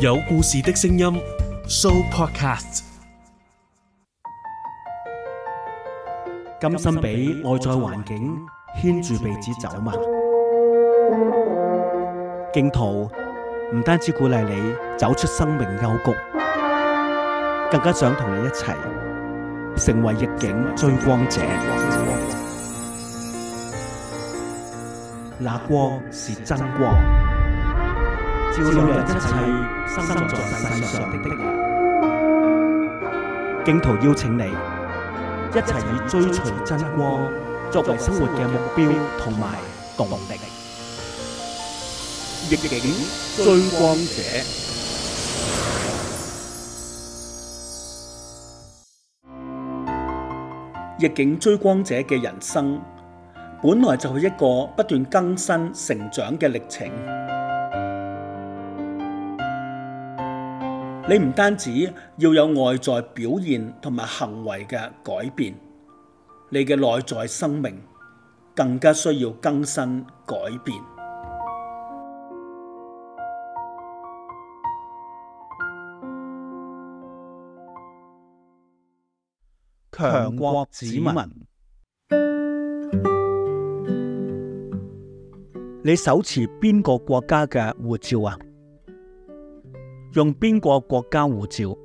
有故事的聲音，Sooopodcast。甘心俾外在環境牽住鼻子走嘛？荊徒唔單止鼓勵你走出生命幽谷，更加想同你一齊成為逆境追光者。那光是真光。照亮一切生在世上的的人，荊徒邀請你一齊以追隨真光作為生活嘅目標同埋動力。逆境追光者，逆境追光者嘅人生本來就係一個不斷更新成長嘅歷程。你唔單止要有外在表現同埋行為嘅改變，你嘅內在生命更加需要更新改變。強國子民，你手持邊個國家嘅護照啊？用邊個國家護照，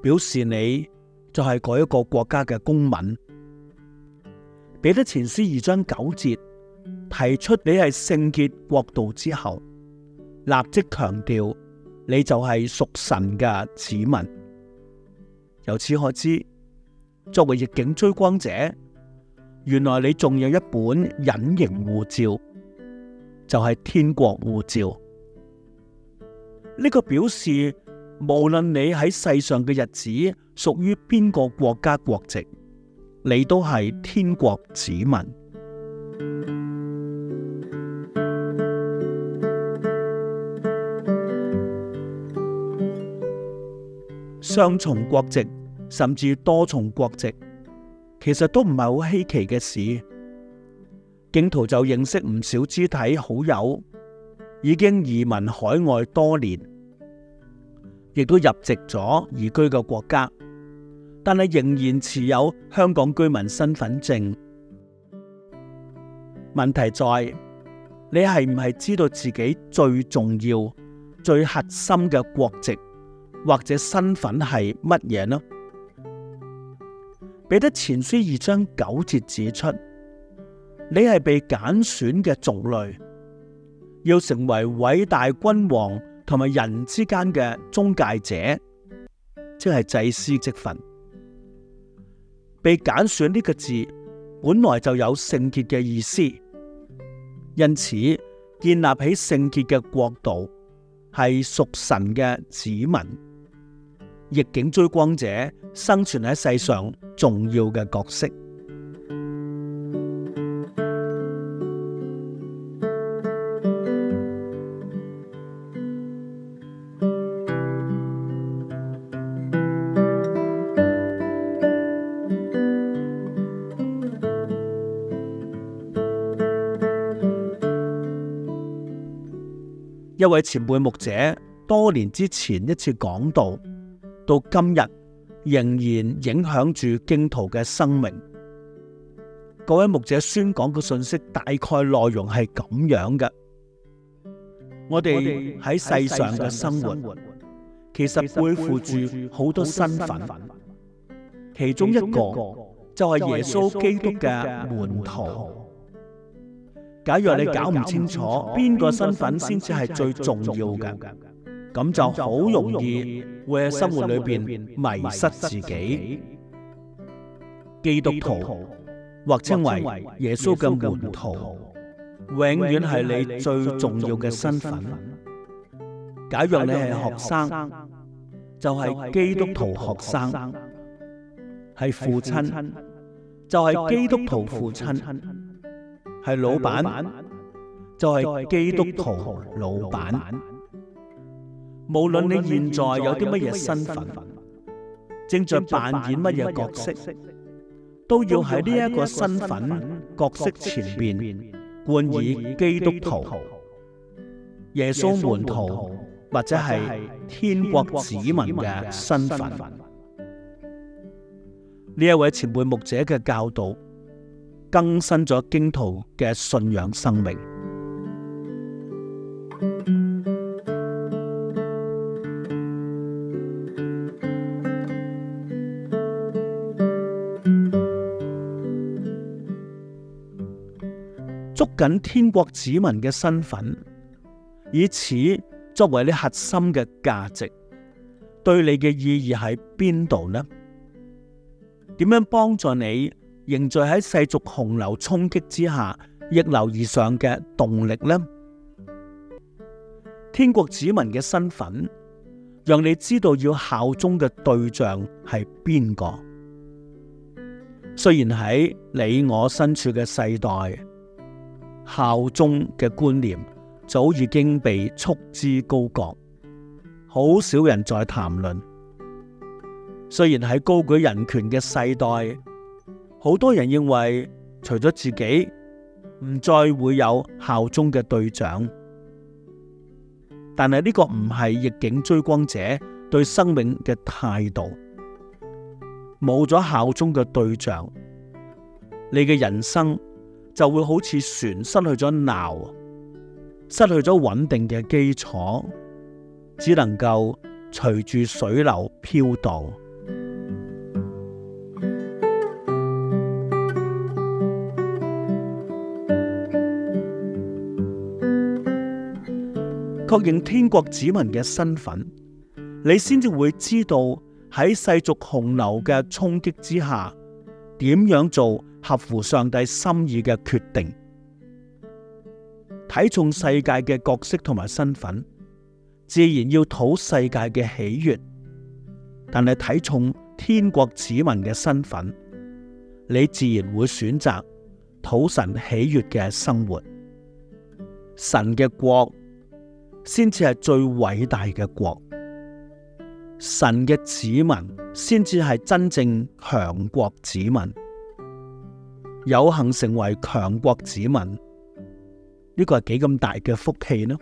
表示你就係嗰一個國家嘅公民。彼得前書二章九節提出你係聖潔國度之後，立即強調你就係屬神嘅子民。由此可知，作為逆境追光者，原來你仲有一本隱形護照，就係天國護照。呢個表示，無論你喺世上嘅日子屬於邊個國家國籍，你都係天國子民。雙重國籍，甚至多重國籍，其實都唔係好稀奇嘅事。荊徒就認識唔少肢體好友，已經移民海外多年，亦都入籍咗移居嘅國家，但係仍然持有香港居民身份證。問題在你係唔係知道自己最重要、最核心嘅國籍或者身份係乜嘢呢？彼得前書二章九節指出，你係被揀選嘅族類。要成為偉大君王同埋人之間嘅中介者，即係祭司職份。被揀選呢個字本來就有聖潔嘅意思，因此建立起聖潔嘅國度，係屬神嘅子民。逆境追光者生存喺世上重要嘅角色。一位前輩牧者多年之前一次講道，到今日仍然影響住荊徒嘅生命。嗰位牧者宣講嘅信息大概內容係咁樣嘅：我哋喺世上嘅生活，其實背負住好多身份，其中一個就係耶穌基督嘅門徒。假若你搞唔清楚邊個身份先至係最重要嘅？咁就好容易會喺生活裏邊迷失自己。基督徒或稱為耶穌嘅門徒，永遠係你最重要嘅身份。假若你係學生，就係基督徒學生；係父親，就係基督徒父親。係老闆，就係、是、基督徒老闆。無論你現在有啲乜嘢身份，正在扮演乜嘢角色，都要喺呢一個身份角色前面冠以基督徒、耶穌門徒或者係天國子民嘅身份。呢一位前輩牧者嘅教導。更新咗荊徒嘅信仰生命，捉緊天國子民嘅身份，以此作為你核心嘅價值，對你嘅意義喺邊度呢？點樣幫助你？凝聚喺世俗洪流沖擊之下，逆流而上嘅動力呢，天國子民嘅身份，讓你知道要效忠嘅對象係邊個。雖然喺你我身處嘅世代，效忠嘅觀念早已經被束之高閣，好少人在談論。雖然喺高舉人權嘅世代。好多人認為，除咗自己，唔再會有效忠嘅對象，但係呢個唔係逆境追光者對生命嘅態度。冇咗效忠嘅對象，你嘅人生就會好似船失去咗錨，失去咗穩定嘅基礎，只能夠隨住水流飄蕩。確認天國子民嘅身份，你先至會知道喺世俗洪流嘅衝擊之下，點樣做合乎上帝心意嘅決定。睇重世界嘅角色同埋身份，自然要討世界嘅喜悅；但係睇重天國子民嘅身份，你自然會選擇討神喜悅嘅生活。神嘅國，先至係最偉大嘅國，神嘅子民先至係真正強國子民，有幸成為強國子民，呢個係幾咁大嘅福氣呢？